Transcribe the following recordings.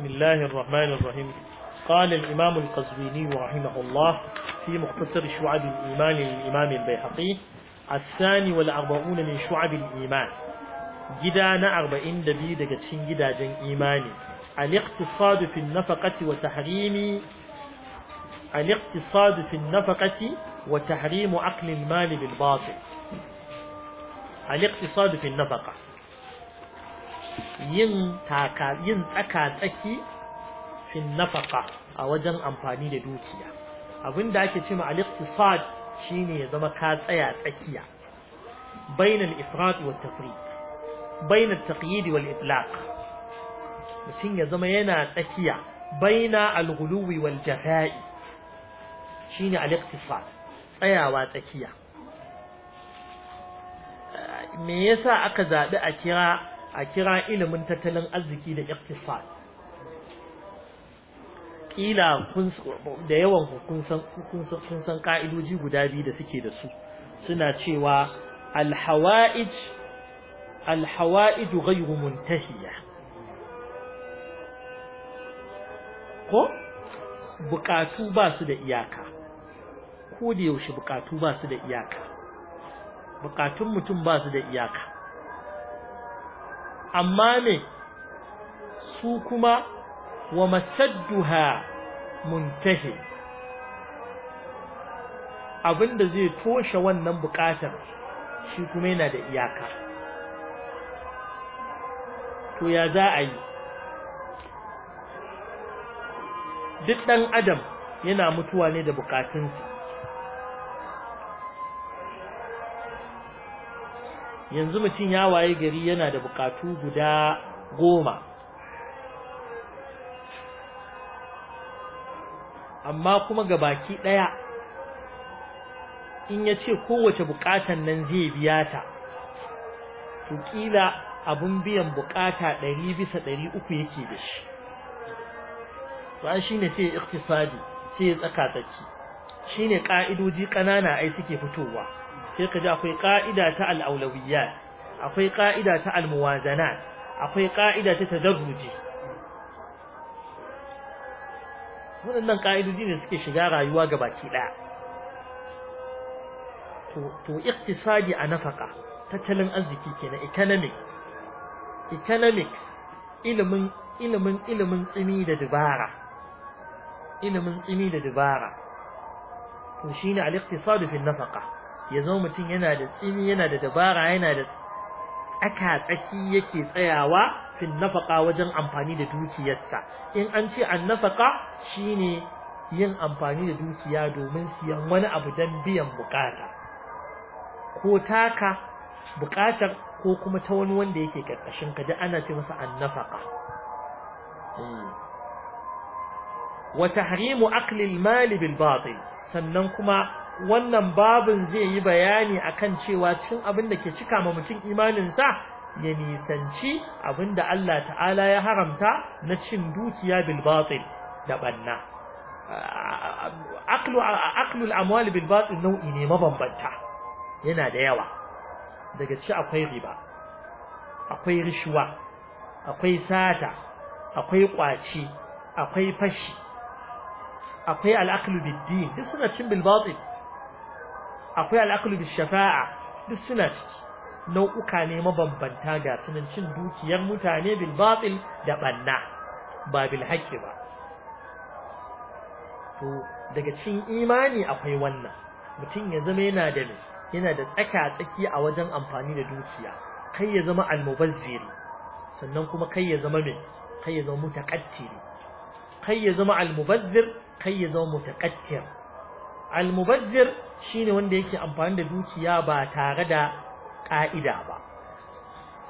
بسم الله الرحمن الرحيم قال الإمام القزويني رحمه الله في مختصر شعب الإيمان للإمام البيحقي الثاني والأربعون من شعب الإيمان جدان أربعين دبيد جتشين جدا جن إيماني الاقتصاد في النفقة وتحريم الاقتصاد في النفقة وتحريم عقل المال بالباطل الاقتصاد في النفقة yin taka yin tsaka tsaki fi nafaka a wajen amfani da dukiya abin da ake cewa al-iqtisad shine ya zama ka tsaya tsakiya bainal ifrat wa tafriq bainal taqyid wal itlaq mutum ya zama yana tsakiya baina al-ghuluwi wal jafa'i shine al-iqtisad tsayawa tsakiya me yasa aka zabi a kira a kira ilimin tattalin arziki da iktisad kila kun da yawan kun san kun san ka'idoji guda biyu da suke da su suna cewa alhawa'ij hawaij ghayru muntahiya ko bukatu ba su da iyaka ko da yaushe bukatu ba su da iyaka bukatun mutum ba su da iyaka amma me su kuma wa masadduha muntahi abinda zai toshe wannan bukatar shi kuma yana da iyaka to ya za a yi duk ɗan adam yana mutuwa ne da bukatunsa yanzu mutum ya waye gari yana da bukatu guda goma amma kuma ga baki ɗaya in ya ce kowace bukatan nan zai biya ta to ƙila abin biyan bukata ɗari bisa ɗari uku yake da shi ba shi ne sai iktisadi sai ya tsaka tsaki shi ne ƙa'idoji ƙanana ai suke fitowa sai ka ji akwai ka'ida ta al'aulawiyyat akwai ka'ida ta almuwazanat akwai ka'ida ta tadarruji waɗannan ƙa'idodi ne suke shiga rayuwa ga baki ɗaya to iktisadi a nafaka tattalin arziki kenan economic economics ilimin ilimin ilimin tsimi da dubara ilimin tsimi da dubara to shine al-iqtisadu fi nafaqa ya zama mutum yana da tsini yana da dabara yana da aka tsaki yake tsayawa fin nafaka wajen amfani da dukiyarsa in an ce an nafaka shine yin amfani da dukiya domin siyan wani abu dan biyan bukata ko taka bukatar ko kuma ta wani wanda yake karkashin ka da ana ce masa an nafaka hmm. wa tahrimu aqli al mali bil batil sannan kuma wannan babin zai yi bayani akan cewa cin abin da ke cika ma mutum imaninsa ya nisanci abin da Allah ta'ala ya haramta na cin dukiya bilbatsin da banna aklu da amwal nau'i ne mabambanta yana da yawa daga ci akwai riba akwai rishuwa akwai sata akwai kwaci akwai fashi akwai al'aklu biddi. duk suna cin bil akwai al'aqlu bis shafa'a duk suna ciki nau'uka ne mabambanta ga sunan cin dukiyar mutane bil batil da banna ba bil haqqi ba to daga cin imani akwai wannan mutum ya zama yana da yana da tsaka tsaki a wajen amfani da dukiya kai ya zama almubazziri sannan kuma kai ya zama mai kai ya zama mutaqattiri kai ya zama almubazzir kai ya zama mutaqattir almubazzir Shi ne wanda yake amfani da dukiya ba tare da ƙa'ida ba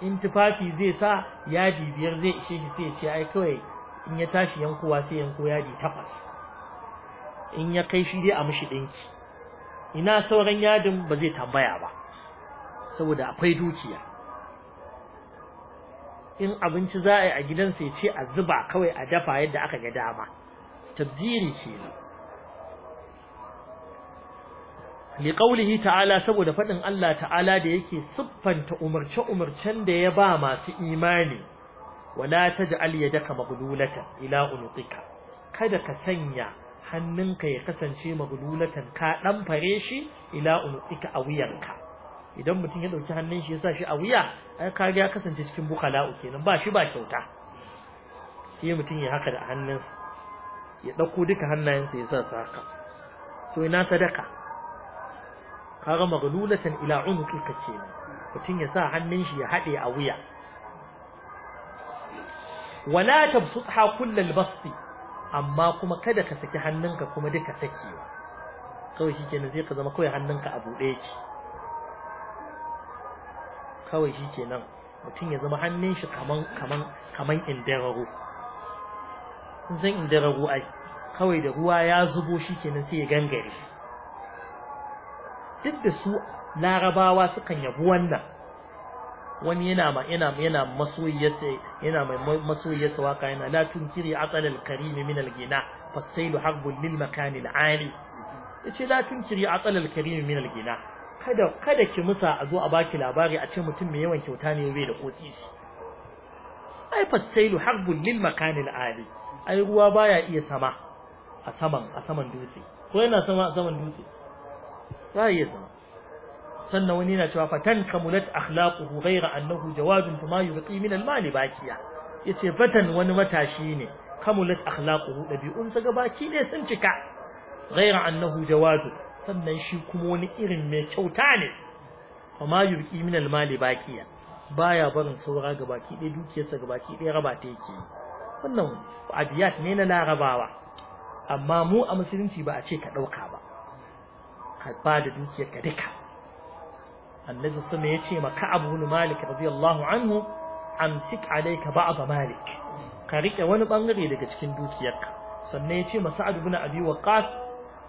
in tufafi zai sa yadi biyar zai ishe shi sai ya ce ai kawai in ya tashi yankowa sai yanko yadi takwas in ya kai shi dai a mashi ɗinki ina sauran yadin ba zai tambaya ba saboda akwai dukiya in abinci za a yi a gidansa ya ce a zuba kawai a dafa yadda aka ga dama tabziri ne qawlihi ta'ala saboda faɗin Allah ta'ala da yake siffanta umarce-umarcen da ya ba masu imani wala taj'al yadaka maghlulatan ila unqika kada ka sanya hannunka ya kasance maghlulatan ka dan fare shi ila unqika a wuyarka. idan mutum ya dauki hannun shi ya sa shi a wuya ai kaga ya kasance cikin bukala'u kenan ba shi ba kyauta sai mutum ya haka da hannunsa ya dauko duka hannayensa ya sa su haka to ina sadaka kaga maglulatan ila unuqika kenan mutum ya sa hannun shi ya hade a wuya wala tabsutha kullal basti amma kuma kada ka saki hannunka kuma duka saki kawai shikenan zai ka zama kawai hannunka a bude yake kawai shikenan mutum ya zama hannun shi kaman kaman kaman indarago kun san indarago ai kawai da ruwa ya zubo shikenan sai ya gangare duk da su larabawa sukan yabi wannan wani yana ma yana yana masoyiyarsa yana mai masoyiyarsa waka yana la tunkiri asal al-karim min al-gina fasailu harbul lil makan al-ali yace la tunkiri asal al-karim min al-gina kada kada ki musa a zo a baki labari a ce mutum mai yawan kyauta ne bai da kotsi ai fasailu harbul lil makan al-ali ai ruwa baya iya sama a saman a saman dutse ko yana sama a saman dutse za ya zama sannan wani yana cewa fatan kamulat akhlaquhu ghayra annahu jawadun fama yuqi min almal bakiya yace fatan wani matashi ne kamulat akhlaquhu dabi'un sa gabaki ne sun cika ghayra annahu jawadun sannan shi kuma wani irin mai kyauta ne fama yuqi min almal bakiya baya barin saura gabaki ɗaya dukiyarsa gabaki ɗaya raba ta yake wannan abiyat ne na larabawa amma mu a musulunci ba a ce ka ɗauka ba ka ba da dukiyar ka duka annabi sama ya ce maka abu ibn malik radiyallahu anhu amsik alayka ba'd malik ka rike wani bangare daga cikin dukiyarka sannan ya ce masa ibn abi waqas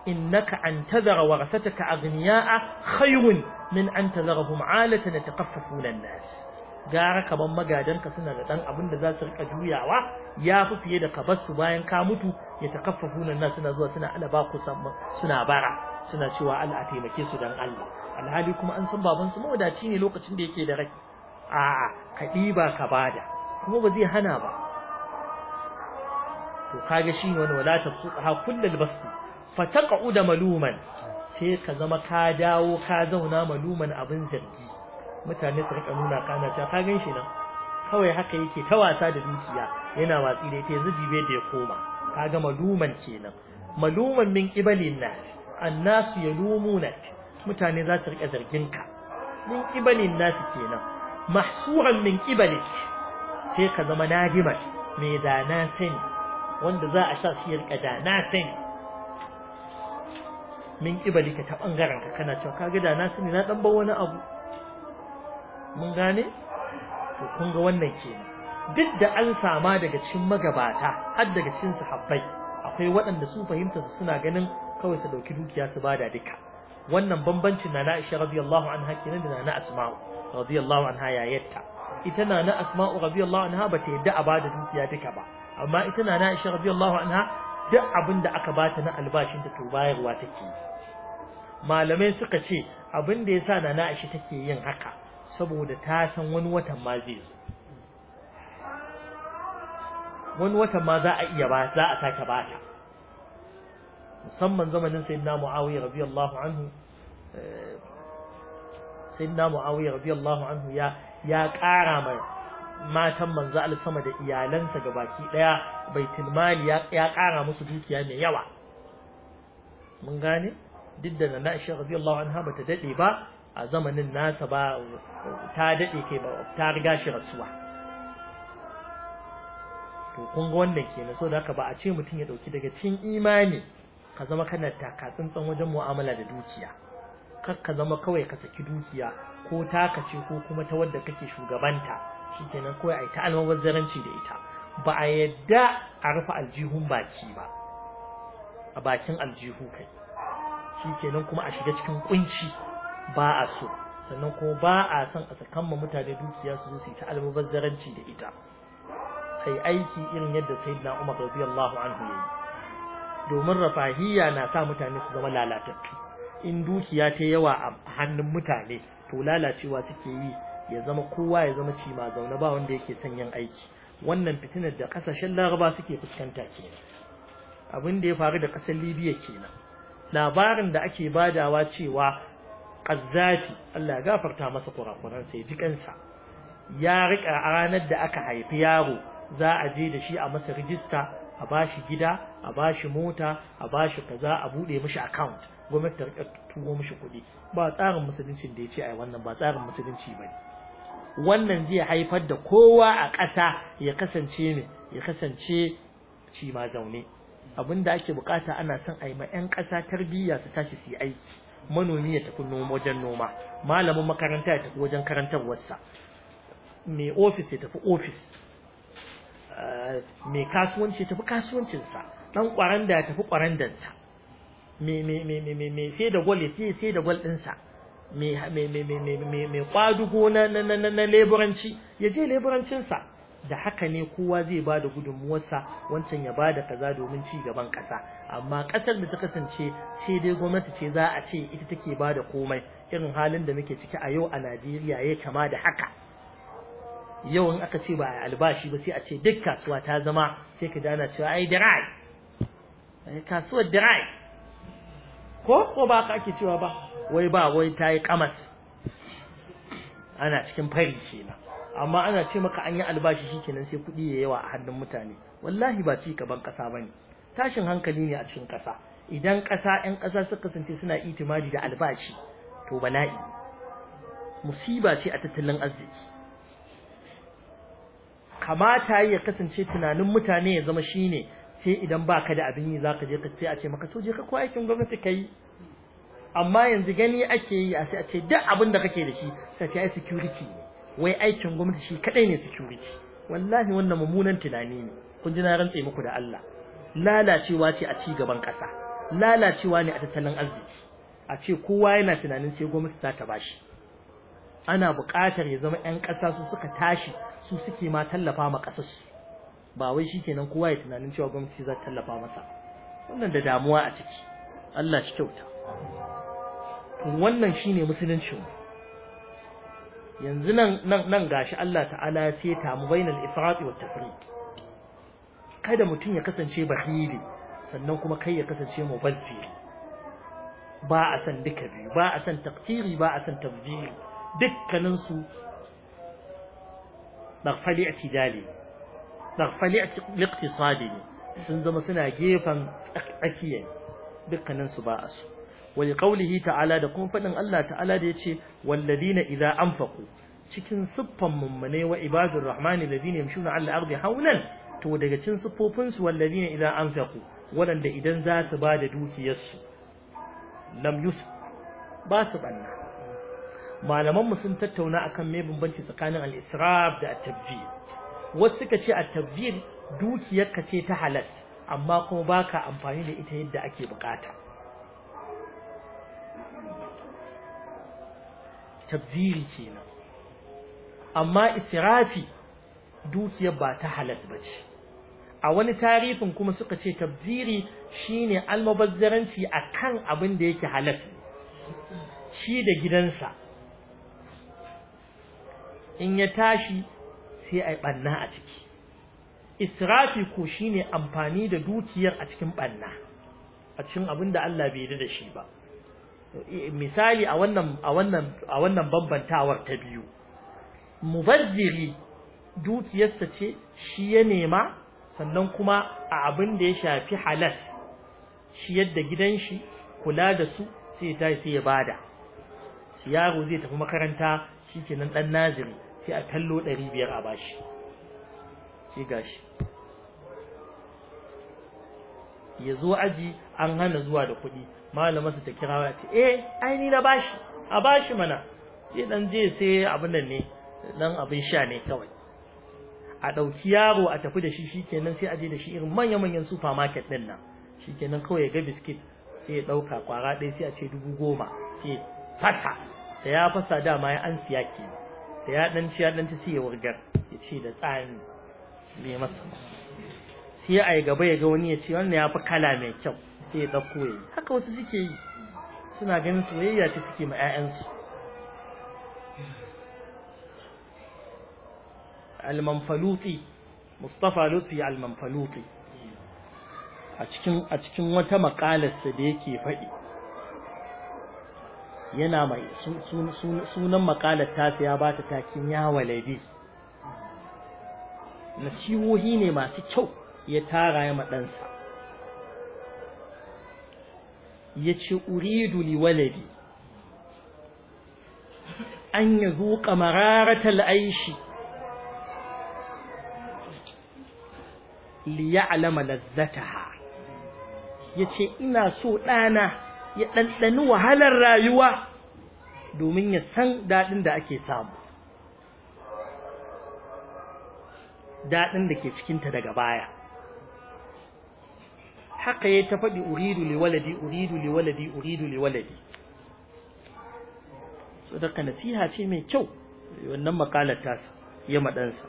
innaka an tadhara warathataka aghniya'a khayrun min an tadharahum alatan yataqaffafuna an-nas gara kaban magadanka suna da dan abin da za su rika juyawa ya fi fiye da ka basu bayan ka mutu ya takaffafuna an-nas suna zuwa suna alaba ku suna bara suna cewa Allah a taimake su don Allah alhali kuma an san babansu mawadaci ne lokacin da yake da rai a'a ka ɗiba ka bada kuma ba zai hana ba to kaga shi wani wala ha kullal fa basti da maluman sai ka zama ka dawo ka zauna maluman abin zargi mutane su rika nuna kana cewa ka gan nan kawai haka yake ta wasa da dukiya yana watsi da ita yanzu jibe da ya koma Ka ga maluman kenan maluman min qibalin nas annasu yalumunak mutane za su rika zargin ka min qibalin nasu kenan mahsuran min qibalik sai ka zama nadimar mai dana sani wanda za a sha shi ya rika dana sani min qibalika ta ɓangaren ka kana cewa kaga dana sani na dan bar wani abu mun gane to kun ga wannan kenan duk da an sama daga cikin magabata har daga cikin sahabbai akwai waɗanda su fahimta suna ganin kawai su dauki dukiya su bada duka wannan bambancin na na Aisha radiyallahu anha kenan da na Asma'u radiyallahu anha yayyata ita na na Asma'u radiyallahu anha ba ta yadda a bada dukiya duka ba amma ita na na Aisha radiyallahu anha duk abin da aka bata na albashin ta to bayarwa take malamai suka ce abin da yasa na na Aisha take yin haka saboda ta san wani watan ma zai wani watan ma za a iya ba za a sake bata musamman zamanin sayyidina muawiya radiyallahu anhu eh, sayyidina muawiya radiyallahu anhu ya ya ƙara mai matan manzo Allah sama da iyalansa gabaki daya baitul mal ya ya ƙara musu dukiya mai yawa mun gane duk da na Aisha radiyallahu anha bata dade ba a zamanin nasa ba ta dade kai ba ta riga shi rasuwa to kun ga wannan kenan so da haka ba a ce mutum ya dauki daga cikin imani ka zama kana taka tsantsan wajen mu'amala da dukiya kar ka zama kawai ka saki dukiya ko taka ce ko kuma ta wadda kake shugabanta shikenan kawai ai ta almabazzaranci da ita ba a yadda a rufe aljihun baki ba a bakin aljihu kai shikenan kuma a shiga cikin kunci ba a so sannan kuma ba a son a sakan ma mutane dukiya su zo su yi ta da ita Kai aiki irin yadda sayyidina Umar radiyallahu anhu yayi domin rafahiyya na sa mutane su zama lalatattu in dukiya ta yawa a hannun mutane to lalacewa suke yi ya zama kowa ya zama ma zaune ba wanda yake son yin aiki wannan fitinar da kasashen laraba suke fuskanta kenan abin da ya faru da kasar libya kenan labarin da ake badawa cewa Qazzafi Allah ya gafarta masa kurakuran sai ji kansa ya rika ranar da aka haifi yaro za a je da shi a masa rijista a bashi gida a ba shi mota a ba shi kaza a bude mishi account gwamnati ta rika tuwo mishi kuɗi ba tsarin musulunci da ya ce ai wannan ba tsarin musulunci bane wannan zai haifar da kowa a ƙasa ya kasance ne ya kasance ci ma zaune abinda ake bukata ana son a yi ma ƴan ƙasa tarbiyya su tashi su yi aiki manomi ya tafi noma wajen noma malamin makaranta ya tafi wajen karantarwarsa mai ofis ya tafi ofis eh, mai kasuwanci ya tafi kasuwancinsa dan kwaranda ya tafi kwarandansa me me me me me me sai da gwal yace sai da gwal dinsa me me me me me me me kwadugo na na na na leburanci yaje leburancin sa da haka ne kowa zai ba da gudunmuwar sa, wancan ya ba da kaza domin ci gaban kasa amma kasar da ta kasance sai dai gwamnati ce za a ce ita take bada komai irin halin da muke ciki a yau a Najeriya ya kama da haka yau in aka ce ba albashi ba sai a ce duk kasuwa ta zama sai ka dana cewa ai da rai kasuwar dirai ko ko ba ka ake cewa ba wai ba wai ta yi kamas ana cikin fari kenan amma ana ce maka an yi albashi kenan sai kuɗi ya yawa a hannun mutane wallahi ba ci gaban ƙasa ne. tashin hankali ne a cikin ƙasa idan ƙasa 'yan ƙasa suka kasance suna itimadi da albashi to bala'i musiba ce a tattalin arziki kamata ya kasance tunanin mutane ya zama shine sai idan ba ka da abin yi ka je ka ce a ce maka to je ka ko aikin gwamnati ka yi. amma yanzu gani ake yi a sai a ce duk abin da kake da shi sai ce ai security ne wai aikin gwamnati shi kadai ne security wallahi wannan mummunan tunani ne kun ji na rantse muku da Allah lalacewa ce a ci gaban kasa lalacewa ne a tattalin arziki a ce kowa yana tunanin sai gwamnati za ta bashi ana buƙatar ya zama 'yan ƙasa su suka tashi su suke ma tallafa ma ƙasarsu ba wai kenan kowa ya tunanin cewa gwamnati za ta tallafa masa wannan da damuwa a ciki Allah shi kyauta wannan shine musulunci yanzu nan nan nan gashi Allah ta'ala ya seta mu bainal ifrat wa tafriq kada mutum ya kasance bahili sannan kuma kai ya kasance mubalfi ba a san duka biyu ba a san taqtiri ba a san tabjiri dukkanin su da fadi tsarfali liqtisadi ne sun zama suna gefen tsakiya dukkanin su ba su ta'ala da kuma fadin Allah ta'ala da yace walladina idza anfaqu cikin siffan mummune wa ibadur rahmani alladhina yamshuna 'ala ardi hawlan to daga cikin siffofin su walladina idza anfaqu waɗanda idan za su ba da dukiyarsu lam yus ba su banna malaman mu sun tattauna akan me bambanci tsakanin al-israf da at wasu suka ce a tabbin dukiyarka ce ta halal amma kuma baka amfani da ita yadda ake bukata tabdiri kenan amma israfi dukiyar ba ta halal bace a wani tarihin kuma suka ce tabdiri shine a kan abin da yake halal shi da gidansa in ya tashi sai ai banna a ciki israfi ko shine amfani da dukiyar a cikin banna a cikin abin Allah bai yarda da shi ba misali a wannan bambantawar ta biyu mubazziri dukiyarsa ce shi ya nema sannan kuma a abin da ya shafi halal shi yadda gidan shi kula da su sai ta sai ya bada yaro zai tafi makaranta shi kenan dan naziri sai a kallo ɗari biyar a bashi sai gashi ya zo aji an hana zuwa da kuɗi malamarsa ta kira ya ce eh ai ni na bashi a bashi mana sai dan je sai abin nan ne dan abin sha ne kawai a ɗauki yaro a tafi da shi shikenan sai a je da shi irin manya-manyan supermarket ɗin nan shikenan kawai ya ga biskit sai ya ɗauka kwara ɗaya sai a ce dubu goma sai fasa da ya fasa dama ya an siya kenan da ya ɗanci ya ɗanci sai ya wurgar ya ce da tsani mai masa sai ya yi gaba ya ga wani ya ce wannan ya fi kala mai kyau sai ya ɗauko ya yi haka wasu suke yi suna ganin soyayya ta suke ma 'ya'yansu almanfaluti mustapha lutfi almanfaluti a cikin wata makalarsa da yake faɗi yana mai sunan makalar tasa ya bata takin ya waladi nasihohi ne masu kyau ya tara ya maɗansa ya ce uridu li waladi an yi zuƙa mararatar aishi liya alama lazzata ya ce ina so ɗana ya ɗanɗani wahalar rayuwa domin ya san daɗin da ake samu daɗin da ke cikinta daga baya haka ya ta faɗi uridu liwaladi uridu liwaladi uridu liwaladi so daga nasiha ce mai kyau wannan makalar tasa ya maɗansa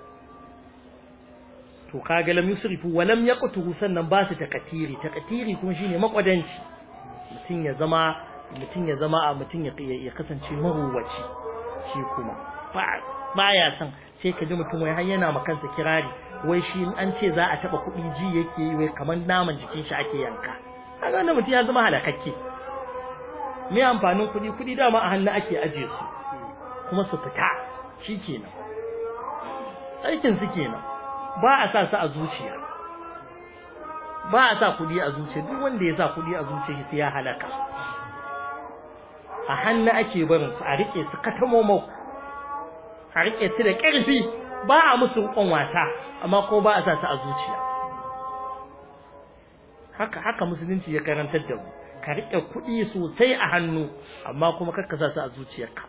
to kaga lam yusrifu wa lam yaqtuhu sannan ba su takatiri takatiri kuma shine makwadanci mutum ya zama mutum ya zama a mutum ya kasance maruwaci shi kuma ba ya san sai ka ji mutum wai har yana makansa kirari wai shi an ce za a taba kuɗi ji yake yi wai kamar naman jikin shi ake yanka a ganin mutum ya zama halakakke me amfanin kuɗi kuɗi dama a hannu ake ajiye su kuma su fita shi kenan aikin su kenan ba a sa su a zuciya ba a sa kuɗi a zuciya duk wanda ya sa kuɗi a zuciya shi ya halaka a hannu ake barin su a rike su katamomo, a rike su da ƙarfi ba a musu rukon wata amma ko ba a sa su a zuciya haka haka musulunci ya karantar da mu ka rike kuɗi sosai a hannu amma kuma kar ka sa su a zuciyarka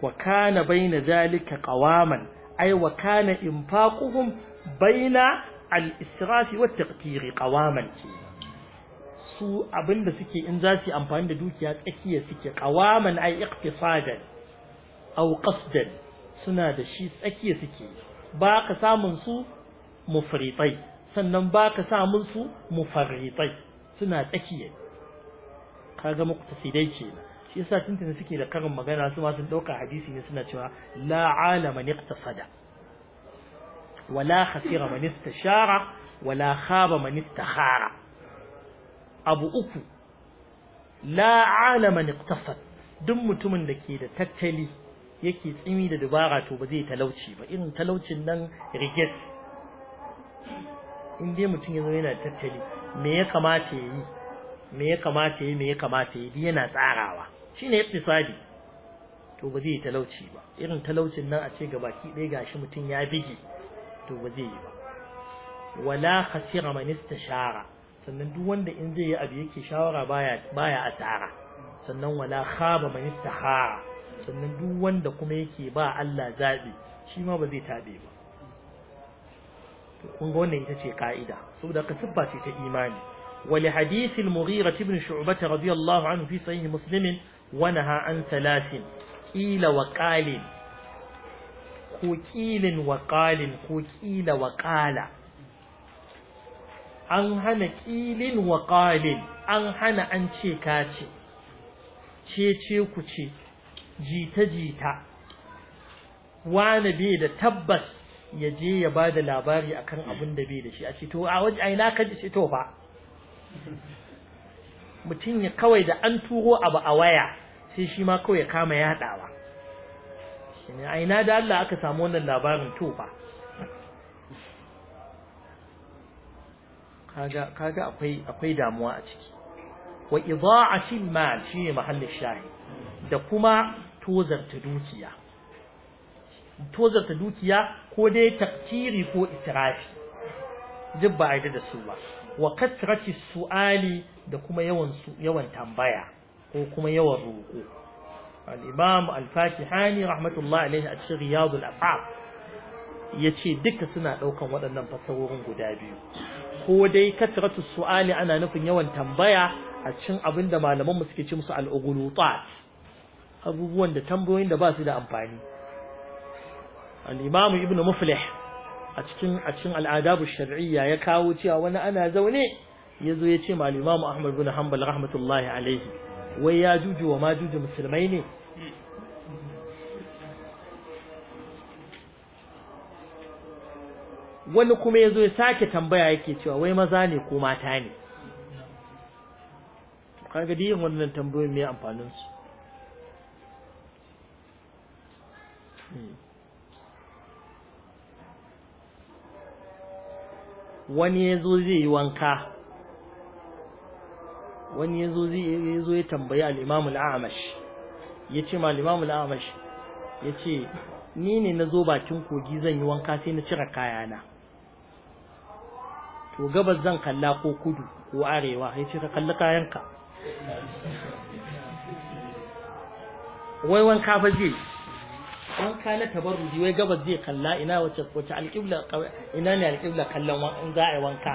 wa kana baina zalika qawaman ay wa kana infaquhum baina al-israfi wa taqtiri ƙawaman su abinda suke in za su amfani da dukiya tsakiya suke qawaman ay iqtisadan aw qasdan suna da shi tsakiya suke ba ka samun su mufritai sannan ba ka samun su mufarritai suna tsakiya kaga muqtasidai kenan shi yasa tuntuna suke da karin magana su ma sun ɗauka hadisi ne suna cewa la alama iqtasada wala khasira man shara, wala khaba man istakhara abu uku la alama iqtasad duk mutumin da ke da tattali yake tsimi da dubara to ba zai talauci ba irin talaucin nan riget in mutum ya yana tattali me ya kamata ya yi me ya kamata ya yi me ya kamata ya yi yana tsarawa shine sadi. to ba zai talauci ba irin talaucin nan a ce gabaki ɗaya gashi mutum ya bige to ba zai yi ba wala khasira man istashara sannan duk wanda in zai yi abu yake shawara baya baya asara sannan wala khaba man istahara sannan duk wanda kuma yake ba Allah zabi shi ma ba zai tabe ba kun ga wannan ita ce ka'ida saboda ka siffa ce ta imani wali hadith al-mughira ibn shu'bah radiyallahu anhu fi sahih muslim wa naha an thalathin qila wa qalin ko ƙilin wa ƙalin ko ƙila wa ƙala an hana ƙilin wa ƙalin an hana an ce ka ce ce ce ku ce jita jita Wani bai da tabbas ya je ya ba da labari akan abin da bai da shi a ce to a waje a ka ji ce to fa mutum ya kawai da an turo abu a waya sai shi ma kawai ya kama yaɗawa ne a ina da Allah aka samu wannan labarin tofa kaga kaga akwai damuwa a ciki wa idha'ati ma shi ne mahallin shahi da kuma tozarta dukiya tozarta dukiya ko dai takciri ko israfi duk ba a da su ba wa katrati su'ali da kuma yawan tambaya ko kuma yawan roƙo al'imamu imam hani fakihani rahmatullahi alaihi a cikin riyadul afaq yace duka suna daukan waɗannan fasahohin guda biyu ko dai katratu su'ali ana nufin yawan tambaya a cikin abinda malaman mu suke ce musu al abubuwan da tambayoyin da ba su da amfani al ibn muflih a cikin a cikin al'adabu shar'iyya ya kawo cewa wani ana zaune yazo ya ce ma ahmad bin hanbal rahmatullahi alaihi wai ya juju wa majuju musulmai ne wani kuma ya zo ya sake tambaya yake cewa wai maza ne ko mata ne kaga wannan tambayoyin mai amfanin su wani ya zo zai yi wanka wani yazo zai yazo ya tambayi al-Imam al-Amash yace ma al-Imam al-Amash yace ni ne nazo bakin kogi zan yi wanka sai na cire kayana to gabas zan kalla ko kudu ko arewa yace ka kalli kayanka wai wanka fa zai wanka na tabarruji wai gabas zai kalla ina wace wace al-qibla ina ne al-qibla kallon in za a yi wanka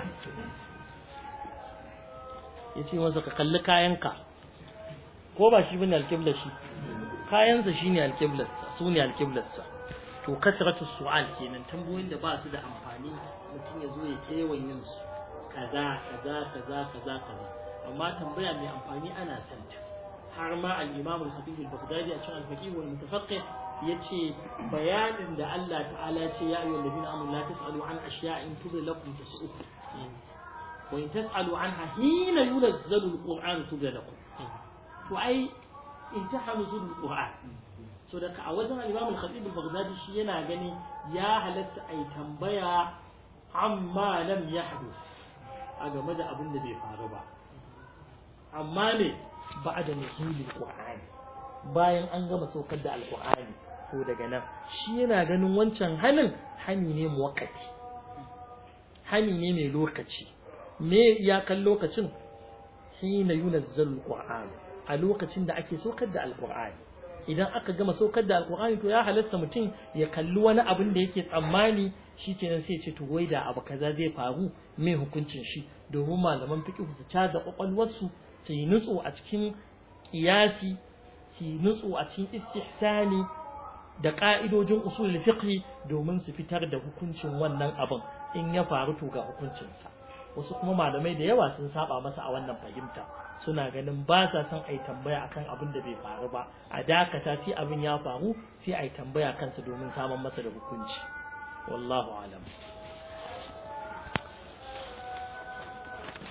ya ce masa ka kalli kayanka ko ba shi bane alƙiblar shi kayansa shi ne alƙiblarsa su ne alƙiblarsa to kasratu su'al kenan tambayoyin da ba su da amfani mutum ya zo ya kewan yin su kaza kaza kaza kaza kaza amma tambaya mai amfani ana son ta har ma al-imam al-hafiz al-baghdadi a cikin al-faqih wal mutafaqqih yace bayanin da Allah ta'ala ce ya ayyuhal ladina amanu la tasalu an ashiya in tudlakum tasuk wani ta tsalo an ha hina yuna zalul su da ku to in ta hannu su da ƙur'an so da ka a wajen alimamun khatibul bagdadi shi yana ganin ya halarta a yi tambaya amma lam ya hadus a game da abinda bai faru ba amma ne ba da nuhulul ƙur'ani bayan an gama saukar da alƙur'ani ko daga nan shi yana ganin wancan hannun hami ne muwakkati hami ne mai lokaci me ya kan lokacin hina yunazzalu alquran a lokacin da ake saukar da alqur'ani idan aka gama saukar da alqur'ani to ya halatta mutum ya kalli wani abin da yake tsammani shikenan sai ce to wai da abu kaza zai faru mai hukuncin shi domin malaman fiqh su da kwakwalwarsu su yi nutsu a cikin ƙiyasi, su yi nutsu a cikin istihsani da ka'idojin usulul fiqh domin su fitar da hukuncin wannan abin in ya faru to ga hukuncinsa wasu kuma malamai da yawa sun saba masa a wannan fahimta suna ganin ba sa son a yi tambaya akan abin da bai faru ba a dakata sai abin ya faru sai a yi tambaya kansa domin samun masa da hukunci wallahu alam